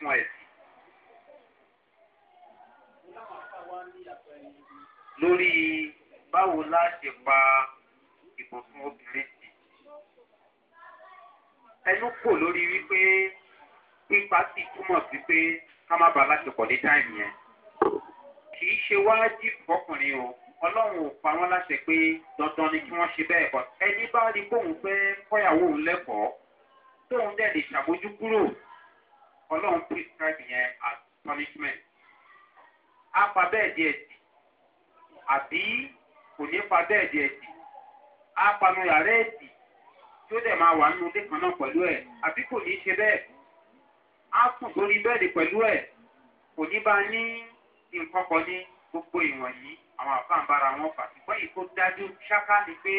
fún ẹ̀sìn. lórí báwo la ṣe pa ìbùsùn obìnrin sí. ẹnu kò lórí wípé pípa sì túmọ̀ sí pé ká má bàa láṣepọ̀ ní táìmù yẹn. kì í ṣe wáájú fọkùnrin o ọlọ́run ò pa wọ́n láṣẹ pé dandan ni kí wọ́n ṣe bẹ́ẹ̀ bọ́ ẹni bá rí bóun fẹ́ kọ́yàwó òun lẹ́kọ̀ọ́ tóun dẹ̀ lè ṣàbójú kúrò ọlọ́run prescribe yẹn as punishment. a pa bẹ́ẹ̀ díẹ̀ sí àbí kò ní pa bẹ́ẹ̀ díẹ̀ sí a panu yàrá ẹ̀sì tí ó dẹ̀ máa wà nínú ilé kan náà pẹ̀lú ẹ̀ àbí kò ní ṣe bẹ́ẹ̀ a sùn lórí bẹ́ẹ̀dì pẹ̀lú ẹ̀ kò ní bá ní nǹkan kan ní gbogbo ìwọ̀nyí àwọn àfáàǹbára wọn fà ṣùgbọ́n yìí tó dájú ṣáká ni pé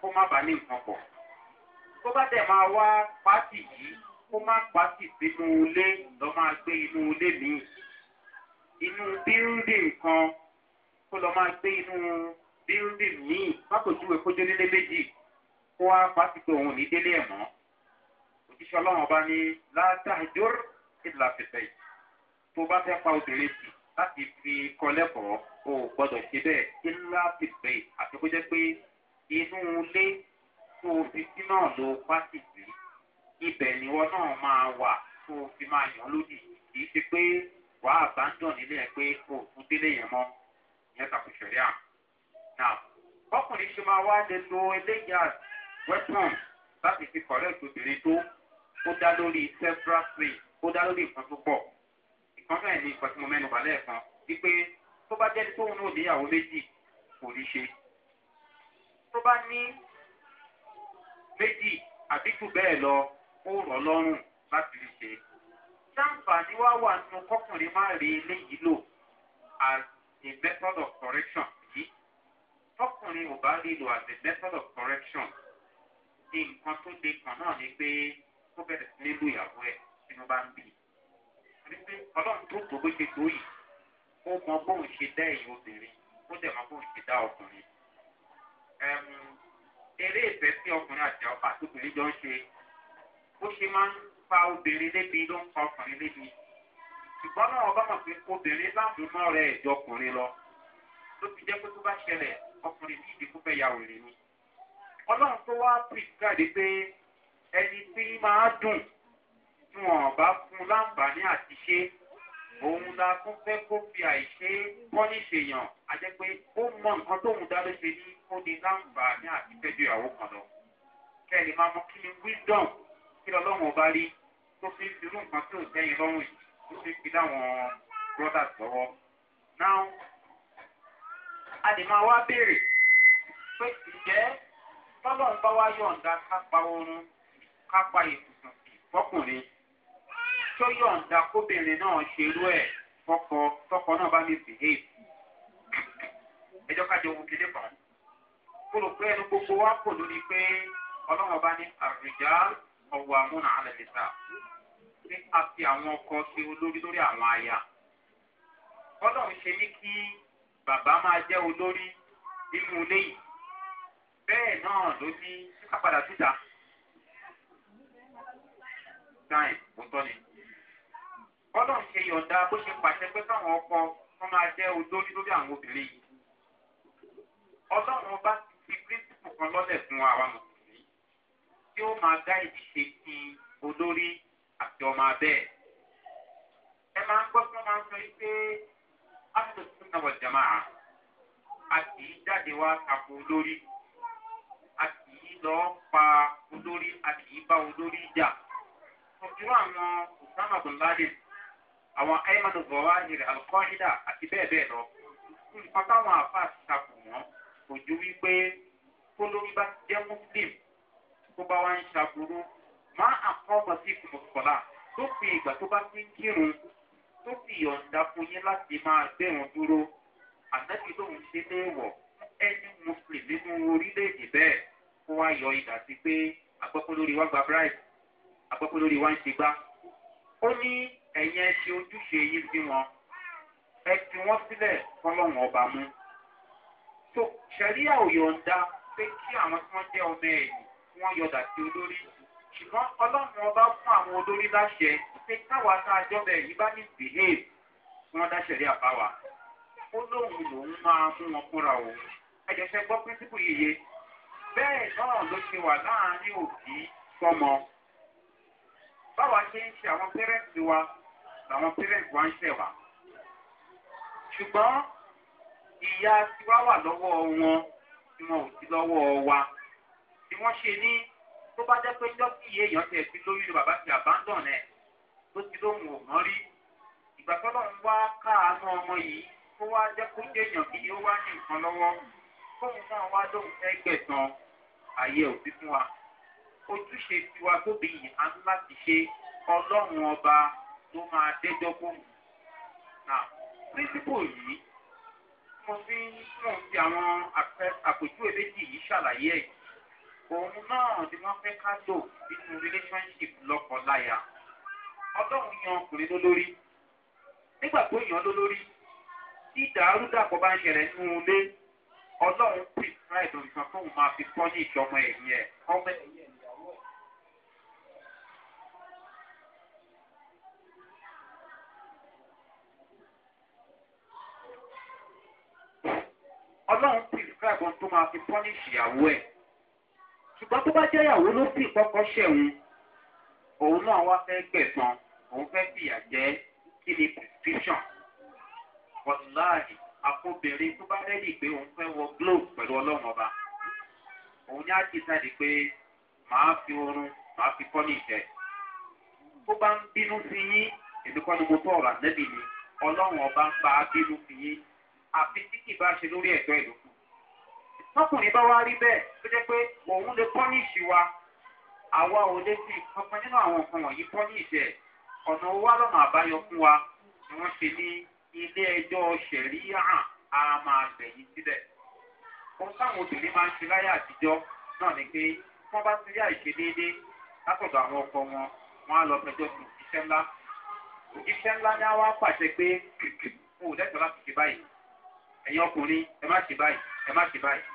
kó má bàa ní nǹkan pọ̀ tó bá dẹ̀ máa wá pàtì yìí kó má pàtì sínú ilé lọ́ máa gbé inú ilé míì inú bíríndì nǹkan kó lọ́ máa gbé inú bíríndì míì pápòjúwe kó jẹ́ nílé méjì kó wá pàtì pé òun ní délé ẹ̀ mọ́ òjíṣẹ́ ọlọ́run bá ní látàjọ́r ìlà fẹ̀fẹ̀ tó bá fẹ́ pa obìnrin sí láti fi kọ́ lẹ́kọ̀ọ́ o gbọ́dọ̀ ṣe bẹ́ẹ̀ ìlà fẹ̀fẹ̀ àti kó jẹ́ pé inú ilé tó o fi sí náà ló pàtì sí ibẹ̀ ni wọn náà máa wà tó o fi máa yàn lódì kì í ṣe pé wàá àbájọ nílé ẹ pé o ò tún délé yẹn mọ́ ìyẹn tako ìṣẹ̀lẹ̀ à. nà ọkùnrin ṣe máa wá lè lo eléyà weapon láti fi correct obìnrin tó ó dá lórí several things ó dá lórí nǹkan tó pọ̀ nǹkan náà ní nǹkan tí mo mẹ́nu bà lẹ́ẹ̀kan wípé tó bá jẹ́ni tóun náà níyàwó méjì kò ní ṣe tó bá ní méjì àbíkù bẹ́ẹ̀ lọ ó rọ̀ lọ́rùn láti rí ṣe. sáǹfààní wá wà nínú kọkùnrin máa rí eléyìí lò as a method of correction yìí tọkùnrin ò bá rí lò as a method of correction nǹkan tó le kàn náà ni pé kó bẹ̀rẹ̀ sí nílùú ìyàwó ẹ̀ sínú bá ń bì í. torí pé ọlọ́run tó tó bó ṣe tó yìí ó mọ bóun ṣe dá ẹ̀yìn obìnrin ó dẹ̀ mọ bóun ṣe dá ọkùnrin. eré ìfẹ́ sí ọkùnrin àti àtòkùnrin jọ bó ṣe máa ń fa obìnrin lébi ló ń fa ọkùnrin lébi ṣùgbọ́n náà ọba mọ̀ pé obìnrin ládùúmọ́ rẹ̀ ẹ̀jọ ọkùnrin lọ tó fi jẹ́ pé tó bá ṣẹlẹ̀ ọkùnrin ní ìdí fúnfẹ́ ya òrìn ni ọlọ́run tó wá pìkáàdé pé ẹni tí máa dùn tí wọn bá fún láǹfààní àti ṣe òun la tún fẹ́ kó fi àìṣe kọ́ni ṣèyàn àti pé ó mọ nǹkan tóun dá ló ṣe ní ó ní láǹfààní àti fẹ́ ju ìyàwó kan lọ kẹ́ni máa mọ kí ni wisdom kí ọlọ́run ọba rí tó fi ń firú nǹkan tí ò tẹ́yìn lọ́rùn yìí tó fi ń fi dáwọn brothers lọ́wọ́. now a lè máa wá béèrè pé ǹjẹ́ tọ́lọ́run bá wá yọ̀ǹda ká pa oorun ká pa ìbùsùn fọkùnrin tó yọ̀ǹda kóbìnrin náà ṣerú ẹ̀ fọkọ tọkọ náà bá mi bìhèèbù ẹjọ́ kájọ ohun kéde kan mo rò pé ẹnu gbogbo wa kò lórí pé ọlọ́run ọba ní àrùjá ọwọ́ amúnà alẹ́ níta nípa ti àwọn ọkọ ṣe olórí lórí àwọn aya. ọlọ́run ṣe ní kí bàbá máa jẹ́ olórí nínú ilé yìí bẹ́ẹ̀ náà ló ní síta. ni ọlọ́run ṣe yọ̀ǹda bó ṣe pàṣẹ pé káwọn ọkọ wọn máa jẹ́ olórí lórí àwọn obìnrin ọlọ́run bá ti fi kan lọ́lẹ̀ fún àwa ó máa dá ìdíje sí olórí àti ọmọ abẹ́ ẹ̀. ẹ máa ń gbọ́ pé wọ́n máa ń sọ yìí pé asòsùn náà wọ̀ jẹ̀mọ́ à a kì í jáde wá tako olórí a kì í lọ pa olórí a kì í bá olórí jà. irú àwọn osama bin laden àwọn ayman zawahir alqaida àti bẹ́ẹ̀ bẹ́ẹ̀ lọ nǹkan táwọn àfa àti takò wọn kò ju wípé kólórí bá jẹ́ muslim tó bá wá ń ṣàbùrú má àkọ́bọ̀ sí ìkùnmọ̀sọ̀lá tó fi ìgbà tó bá ti ń kírun tó fi yọ̀ǹda fún yín láti máa gbẹ̀rún dúró àtẹ́bí lòun ṣe léèwọ̀ ẹni muslim nínú orílẹ̀-èdè bẹ́ẹ̀ kó wá yọ ìdá sí pé àgbọ̀pọ̀ lórí wá gba bribe àgbọ̀pọ̀ lórí wá ń ṣe gbá. ó ní ẹ̀yin ẹ ṣe ojúṣe yín sí wọn ẹ fi wọ́n sílẹ̀ fọlọ́run ọba mú. tó ṣẹ̀ríà ò pé kí àwọn tí wọ́n jẹ́ ọmọ ẹ̀yìn wọ́n yọ̀dà sí olórí ṣùgbọ́n ọlọ́run ọba fún àwọn olórí láṣẹ pé káwa tá a jọ́bẹ̀ yìí bá ní bìhíìf kí wọ́n dáṣẹ̀rí àbáwa ó lóun lòun máa mú wọn kúnra òun ẹ̀jẹ̀ fẹ́ gbọ́ píríncípù yíyẹ bẹ́ẹ̀ náà ló ṣe wà láàrin òbí sọmọ báwa ṣe ń ṣe àwọn pẹ́rẹ́ǹtì wa làwọn pẹ́rẹ́ǹtì wa ń ṣẹ̀ wá ṣùgbọ́n ìyá tiwa wà lọ́wọ́ wọn tí wọn ò sí lọ́wọ́ wa tí wọ́n ṣe ní tó bá jẹ́ pé jọ́sí iye èèyàn tẹ̀ sí lórí ni bàbá ti abandon ẹ̀ tó ti lóhùn ògbọ́n rí ìgbà tó lọ́n wá káàánú ọmọ yìí tó wá jẹ́ kó jẹ́yàn kí ó wá ní nǹkan lọ́wọ́ fóun náà wá lóhùn fẹ́ gbẹ̀sán àyè òbí fún wa ojúṣe tiwa tóbi yìí a ní láti ṣe ọlọ́run ọba tó máa dẹ́jọ́ fóun. pírísìpò yìí mo fi ń mọ̀ sí àwọn àpèjúwe méjì yìí ṣàlàyé ẹ̀yìn òun náà ni wọ́n fẹ́ ká lò nínú relationship lọ́kọ̀láyà ọlọ́run yan ọkùnrin lólórí nígbà tó yan lólórí tí ìdàrúdàpọ̀ bá ń ṣẹlẹ̀ nínú ilé ọlọ́run pè fún ẹ̀dùn nǹkan tóun máa fi kọ́ ní ìjọmọ ẹ̀yìn ẹ̀ ọmọ ẹ̀yìn ẹ̀ níyàwó ẹ̀. ọlọ́run pè fún ẹ̀gbọ́n tó máa fi kọ́ ní ẹ̀ ṣùgbọ́n tó bá jẹ́ ìyàwó ló sì kọ́kọ́ ṣẹ̀wọ̀n òun náà wá fẹ́ gbẹ̀sán òun fẹ́ fìyà jẹ́ kí ni prescription wàláàhì akóbìnrin tó bá rẹ́ẹ̀dì pé òun fẹ́ wọ globe pẹ̀lú ọlọ́run ọba òun ní àjíjáde pé màá fi oorun màá fi kọ́ ní ìtẹ́ tó bá ń bínú sí yín èmi kọ́ ni mo tọ́ ọ̀rọ̀ àtẹ́bì ni ọlọ́run ọba ń pa á bínú sí yín àfi tí kì bá ṣe lórí ẹ̀tọ́ ìlú tọkùnrin bá wá rí bẹ́ẹ̀ tó jẹ́ pé òun lè pọ́nìṣì wa àwa ò lè fi kankan nínú àwọn nǹkan wọ̀nyí pọ́nìṣì ẹ̀ ọ̀nà owó àlọ́nà àbáyọ fún wa ni wọ́n ṣe ní ilé ẹjọ́ ṣẹ̀rí hàn á máa gbẹ̀yìn síbẹ̀. ohun táwọn obìnrin máa ń ṣe láyé àtijọ́ náà ni pé wọ́n bá ti rí àìṣe déédéé látọ̀dọ̀ àwọn ọkọ wọn wọ́n á lọ fẹjọ́ sùn iṣẹ́ ńlá. òjíṣẹ́ ńlá ni àwọn apàṣẹ pé kò lẹ́tọ̀ọ́ láti ṣe báyìí ẹ̀yin ọkùnrin ẹ má ṣe báyìí ẹ má ṣe báyìí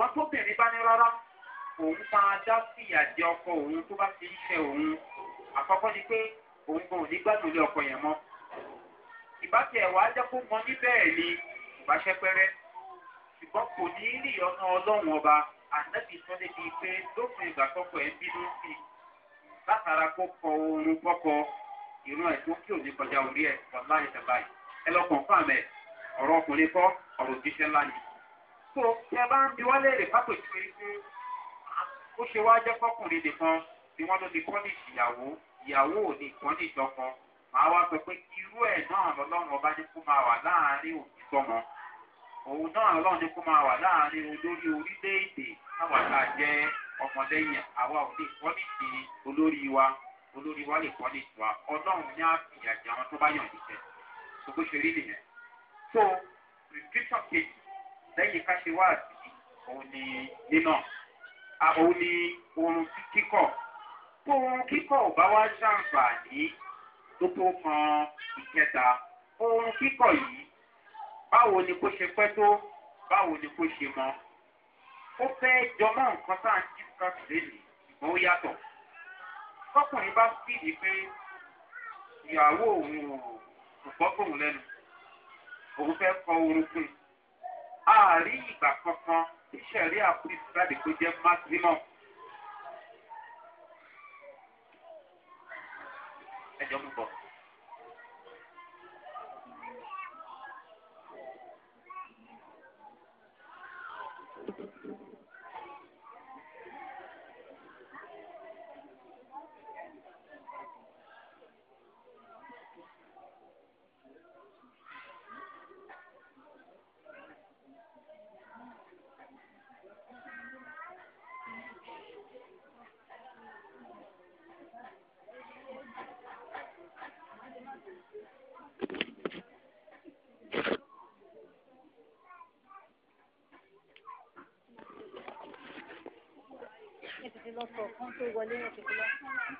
ṣùgbọ́n tóbìnrin bá ní rárá òun máa dá sí ìyàjẹ́ ọkọ òun tó bá ti ń fẹ́ òun àkọ́kọ́ ni pé òun gan ò ní gbádùn ilé ọkọ yẹn mọ́ ìbátí ẹ̀wà á jẹ́ kó mọ níbẹ̀ẹ́ ni ìbáṣẹ́pẹ́rẹ́ ṣùgbọ́n kò ní rí ọ̀nà ọlọ́run ọba ànábì tó lè di pé lópin ìgbà tọkọ ẹ̀ ń bínú sí i látara kó kọ oorun kọ́kọ́ ìran ẹ̀ tó kí òní kọjá orí ẹ̀ wàláyé tàbáyé ẹ lọ fún àmẹ ọ̀rọ̀ ọkùnrin kọ́ ọ̀rọ̀ òjíṣẹ́ ńlá ni tó ẹ bá ń bi wọ́n léèrè pápẹ̀ tó yẹ pé ah, ó ṣe wá jẹ́ fọkùnrin nìkan ni wọ́n ló ti kọ́ ní ìyàwó ìyàwó ò ní ìkan ní ìjọkọ màá wá sọ pé irú ẹ̀ náà lọ́lọ́run ọba ní kó máa wà láàárín òbí sọmọ òun náà lọ́lọ́run ní kó máa wà láàárín olórí orílẹ̀-èdè táwọn àgbà jẹ́ ọmọlẹ́yìn àwa ò ní ìkan ní ìsìn olórí wa olórí wa lè kọ́ ní ìtura ọlọ́run ní àfìyàjẹ àwọn tó bá yàn níṣẹ́ gbogbo ṣe nìyẹn. so prescription kejì lẹ́yìn ká ṣe wáàsí òun ni nínà òun ni oorun kíkọ̀ tó oorun kíkọ̀ ò bá wá ṣàǹfààní tó tó kan ìkẹta oorun kíkọ̀ yìí báwo ni kó ṣe pẹ́ tó báwo ni kó ṣe mọ́ ó fẹ́ jọmọ́ nǹkan tá à ń kí nǹkan lélẹ̀ ṣùgbọ́n ó yàtọ̀ tọkùnrin bá fìdí pé ìyàwó òun ò gbọ́ bòun lẹ́nu òun fẹ́ kọ orun fún un ààrí ìgbà kankan tí sẹ̀rí àfúrísì láti pé jẹ́ maximum. ẹjọ́ mú bọ̀. lọ́sọ̀ọ́ tó wọlé yẹn tuntun lọ́sọ̀ọ́.